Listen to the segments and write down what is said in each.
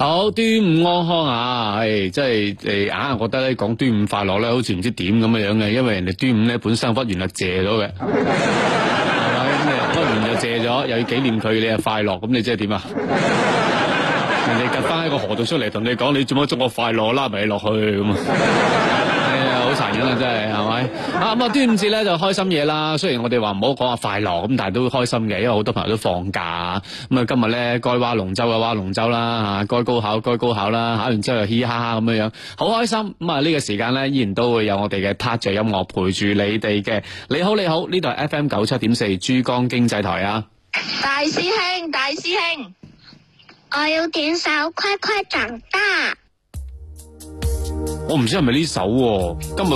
好、哦、端午安康啊！係即係誒，硬係、呃、覺得咧講端午快樂咧，好似唔知點咁樣樣嘅，因為人哋端午咧本身屈原啦， 屈原借咗嘅，係嘛，屈完又借咗，又要紀念佢，你又快樂，咁你即係點啊？ 人哋隔返喺個河道出嚟同你講，你做乜祝我快樂啦？咪落去咁啊！ 真係，係咪啊？咁 啊，端午節咧就開心嘢啦。雖然我哋話唔好講話快樂咁，但係都開心嘅，因為好多朋友都放假咁啊，今日咧該挖龍舟嘅挖龍舟啦，吓該高考該高考啦，考完之後嘻嘻哈哈咁樣樣，好開心。咁、嗯、啊、呢、這個時間咧依然都會有我哋嘅 touch 音樂陪住你哋嘅。你好，你好，呢度係 FM 九七點四珠江經濟台啊。大師兄，大師兄，我要點首「快快長大」。我唔知係咪呢首？今日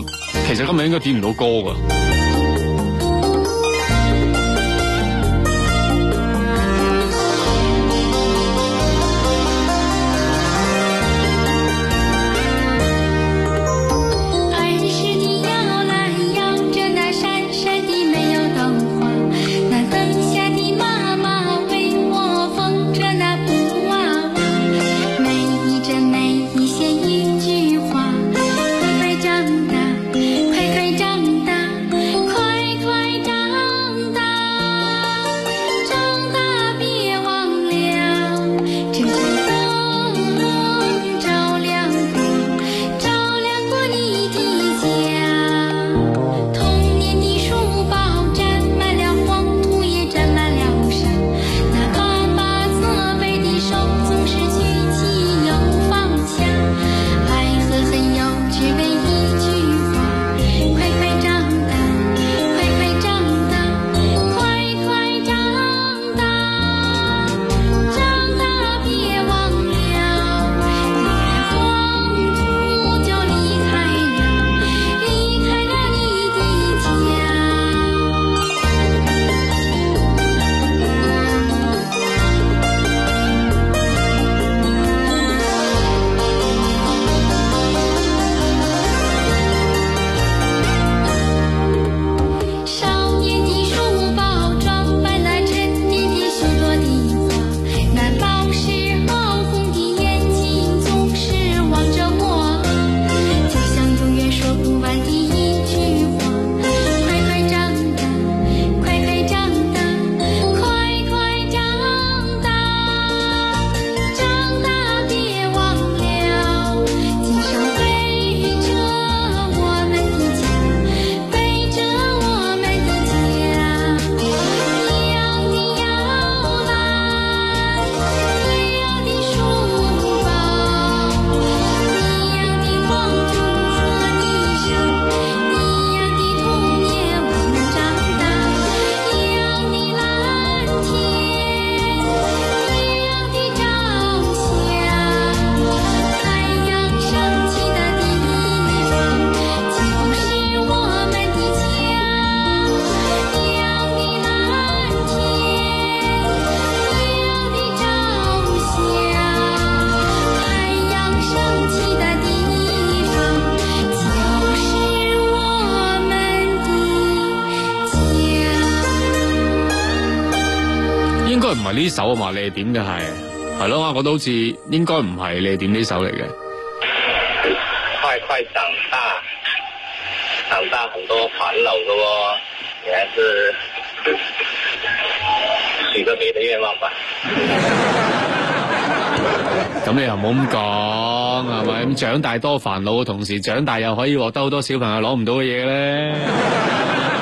其實今日應該點唔到歌㗎。呢首啊嘛，你點嘅係？係咯，我都好似應該唔係你點呢首嚟嘅。快快長大，長大好多煩惱嘅喎，你還是許個別的願望吧。咁 你又唔好咁講，係咪？咁長大多煩惱嘅同時，長大又可以獲得好多小朋友攞唔到嘅嘢咧。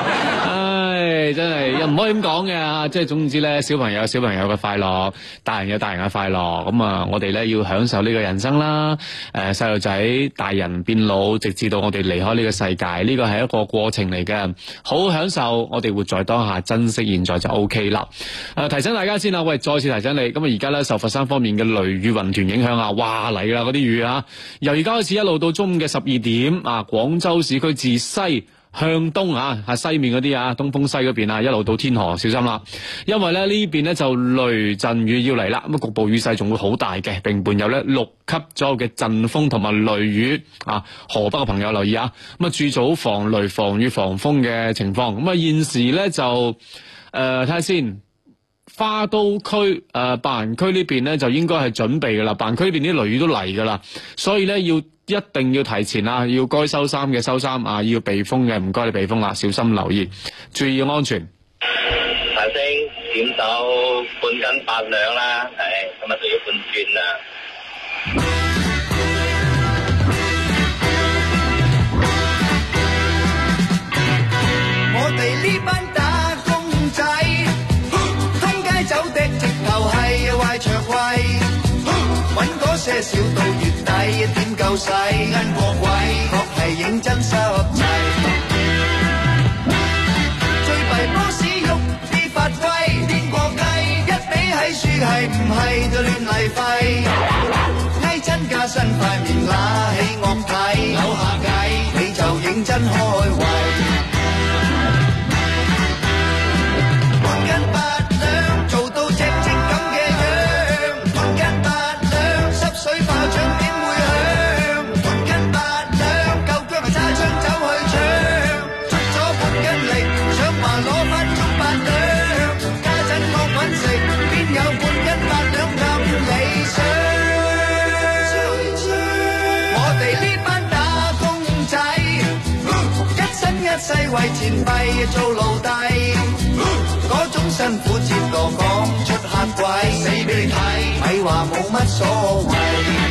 真係，又唔可以咁講嘅，即係總之呢，小朋友、有小朋友嘅快樂，大人有大人嘅快樂。咁啊，我哋呢要享受呢個人生啦。誒、呃，細路仔、大人變老，直至到我哋離開呢個世界，呢個係一個過程嚟嘅。好享受，我哋活在當下，珍惜現在就 OK 啦。誒、呃，提醒大家先啦，喂，再次提醒你，咁啊，而家呢，受佛山方面嘅雷雨雲團影響啊，哇嚟啦嗰啲雨啊！由而家開始一路到中午嘅十二點啊，廣州市區自西。向東啊，啊西面嗰啲啊，東風西嗰邊啊，一路到天河，小心啦！因為咧呢邊咧就雷陣雨要嚟啦，咁啊局部雨勢仲會好大嘅，並伴有咧六級左右嘅陣風同埋雷雨啊！河北嘅朋友留意啊，咁啊注早防雷、防雨、防風嘅情況。咁啊現時咧就誒睇下先。花都區、誒、呃、白雲區邊呢邊咧就應該係準備嘅啦，白雲區呢邊啲雷雨都嚟嘅啦，所以咧要一定要提前啦，要該收衫嘅收衫啊，要避風嘅唔該你避風啦，小心留意，注意安全。大聲點到半斤八兩啦，唉，今日又要半轉啦。 搵嗰些少到月底一點夠，點夠使？恩過鬼，確係認真濕滯。最弊波士用啲發威癲過雞，一比喺樹係唔係就亂嚟廢。藝真加身塊面打起鑊睇，扭下計你就認真開胃。一世為錢幣做奴隸，嗰 種辛苦折墮講出吓鬼，死俾你睇，咪話冇乜所謂。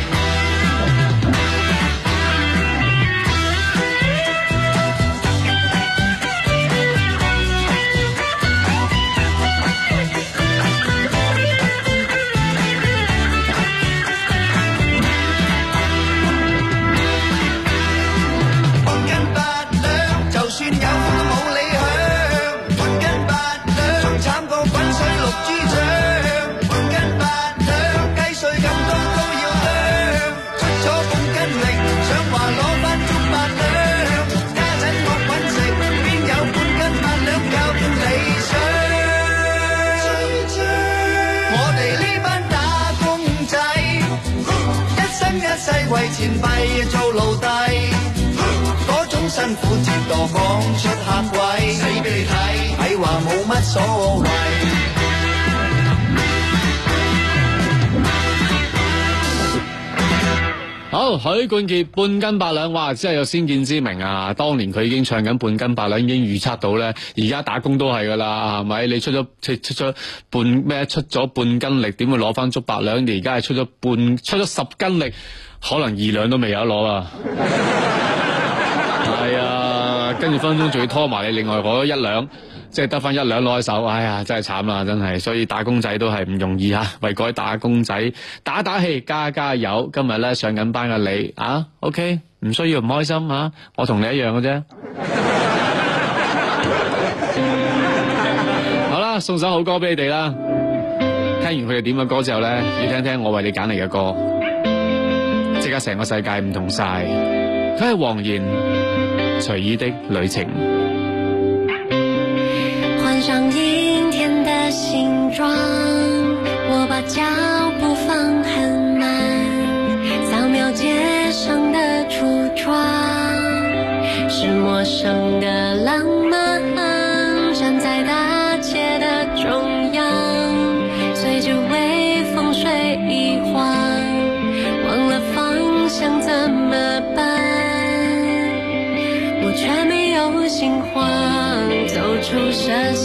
為錢幣啊做奴隸，嗰種辛苦出死俾你睇睇話冇乜所謂。好，許冠傑半斤八兩，哇！真係有先見之明啊！當年佢已經唱緊半斤八兩，已經預測到咧，而家打工都係噶啦，係咪？你出咗出出咗半咩？出咗半，半斤力，點會攞翻足八兩？你而家係出咗半出咗十斤力？可能二兩都未有得攞啊！係啊，跟住分分鐘仲要拖埋你另外嗰一兩，即係得翻一兩攞喺手，哎呀，真係慘啦，真係，所以打工仔都係唔容易啊。為各位打工仔打打氣，加加油！今日咧上緊班嘅你啊，OK，唔需要唔開心吓，我同你一樣嘅啫。好啦，送首好歌俾你哋啦。聽完佢哋點嘅歌之後咧，要聽聽我為你揀嚟嘅歌。而家成個世界唔同晒，佢係王言，隨意的旅程，換上陰天的形狀，我把腳步放很慢，掃描街上的櫥窗，是陌生的。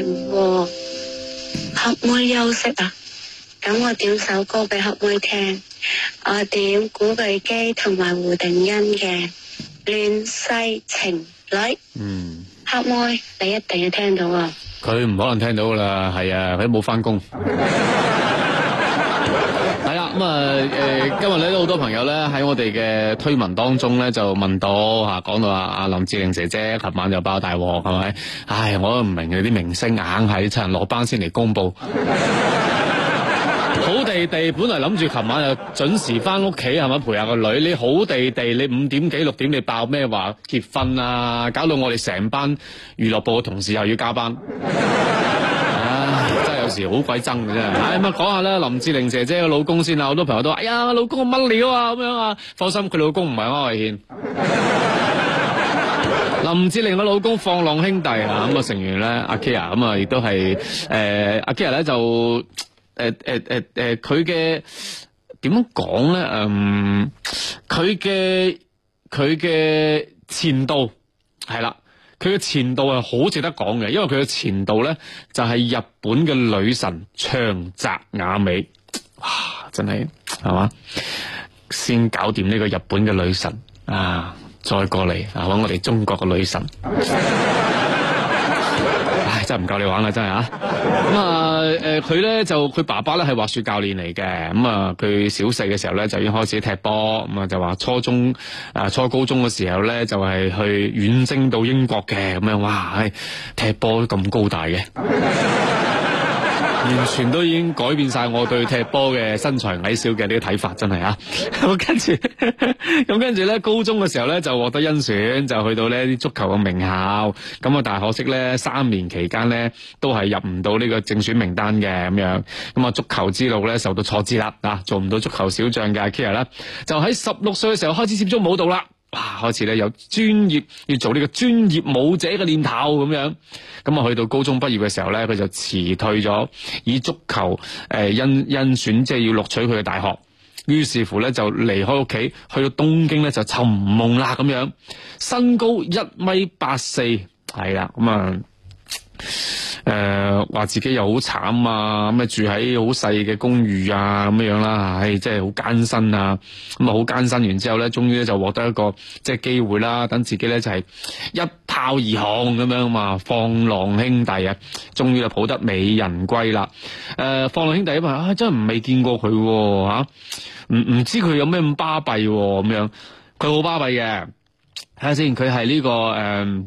唔和，黑妹休息啊，咁我點首歌俾黑妹聽，我點古巨基同埋胡定欣嘅《亂世情侶》。嗯，黑妹你一定要聽到啊，佢唔可能聽到噶啦，係啊，佢都冇返工。咁啊，誒，今日咧都好多朋友咧喺我哋嘅推文當中咧就問到吓，講到啊，阿林志玲姐姐琴晚又爆大鑊，係咪？唉，我都唔明你啲明星硬係要趁人落班先嚟公布， 好地地，本來諗住琴晚就準時翻屋企，係咪陪下個女？你好地地，你五點幾六點你爆咩話結婚啊？搞到我哋成班娛樂部嘅同事又要加班。 時好鬼憎嘅啫，係，咁啊講下啦，林志玲姐姐嘅老公先啦，好多朋友都話哎呀，老公乜料啊咁樣啊，放心，佢老公唔係潘慧憲。 林志玲嘅老公放浪兄弟啊，咁、嗯、啊成員咧阿 Kia，咁、嗯、啊亦都係誒、呃、阿 Kia 咧就誒誒誒誒，佢嘅點樣講咧，誒佢嘅佢嘅前度係啦。佢嘅前度係好值得講嘅，因為佢嘅前度呢就係、是、日本嘅女神長澤雅美，哇！真係係嘛，先搞掂呢個日本嘅女神啊，再過嚟揾、啊、我哋中國嘅女神。真係唔夠你玩啦，真係啊！咁、呃、啊，誒，佢咧就佢爸爸咧係滑雪教練嚟嘅，咁、嗯、啊，佢小四嘅時候咧就已經開始踢波，咁、嗯、啊就話初中誒、啊、初高中嘅時候咧就係、是、去遠征到英國嘅，咁、嗯、樣哇，哎、踢波咁高大嘅。 完全都已經改變晒我對踢波嘅身材矮小嘅呢個睇法，真係啊！咁跟住，咁跟住咧，高中嘅時候咧就獲得甄選，就去到咧啲足球嘅名校。咁啊，但係可惜咧，三年期間咧都係入唔到呢個正選名單嘅咁樣。咁啊，足球之路咧受到挫折啦，啊，做唔到足球小將嘅阿 Kira 啦，就喺十六歲嘅時候開始接觸舞蹈啦。哇！開始咧有專業要做呢個專業舞者嘅念頭咁樣，咁啊去到高中畢業嘅時候呢，佢就辭退咗，以足球誒、呃、因因選即係要錄取佢嘅大學，於是乎呢，就離開屋企，去到東京呢，就尋夢啦咁樣，身高一米八四，係啦咁啊。誒，話、呃、自己又好慘啊，咁啊住喺好細嘅公寓啊，咁樣啦、啊，唉、哎，真係好艱辛啊，咁啊好艱辛，完之後咧，終於咧就獲得一個即係機會啦，等自己咧就係、是、一炮而紅咁樣啊，放浪兄弟啊，終於就抱得美人歸啦，誒、呃，放浪兄弟啊，啊真係唔未見過佢吓、啊，唔、啊、唔知佢有咩咁巴閉咁樣？佢好巴閉嘅，睇下先，佢係呢個誒。呃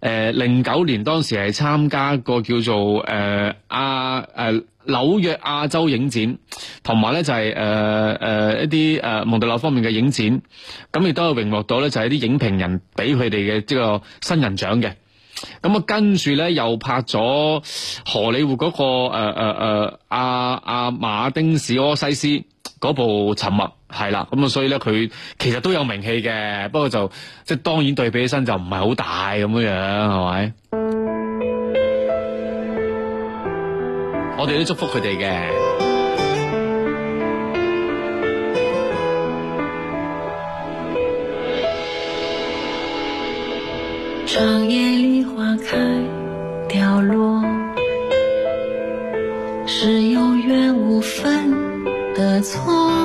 誒，零九，呃、年當時係參加個叫做誒亞誒紐約亞洲影展，同埋咧就係誒誒一啲誒、呃、蒙特利爾方面嘅影展，咁、嗯、亦都係榮獲到咧就係、是、啲影評人俾佢哋嘅呢個新人獎嘅。咁、嗯，那個呃呃、啊，跟住咧又拍咗《荷里活》嗰個誒誒誒阿阿馬丁史柯西斯。嗰部沉默係啦，咁啊，所以咧佢其實都有名氣嘅，不過就即係當然對比起身就唔係好大咁樣樣，係咪？嗯、我哋都祝福佢哋嘅。錯。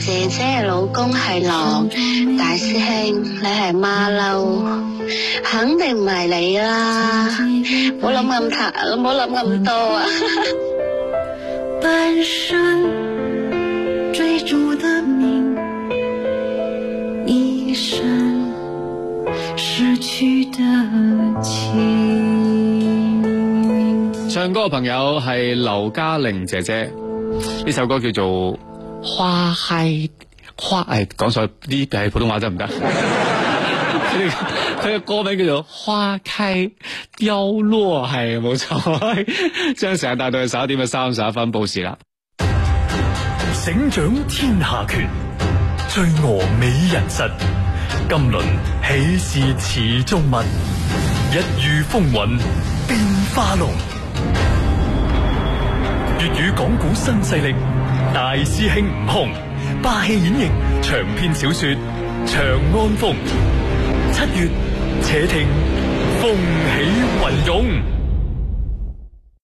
姐姐老公係狼，大師兄你係馬騮，肯定唔係你啦！唔好諗咁多，唔好諗咁多啊！哈哈。半生追逐的命，一生失去的情。唱歌嘅朋友係劉嘉玲姐姐，呢首歌叫做。花開，花誒，講晒啲係普通話得唔得？佢個 歌名叫做《花開凋落》，係冇錯。將成日帶到去十一點嘅三十一分報時啦。醒掌天下權，醉臥美人膝，金輪豈是池中物？一遇風雲變化龍。粵語港股新勢力。大師兄悟空，霸氣演繹長篇小說《長安風》，七月且聽風起雲湧。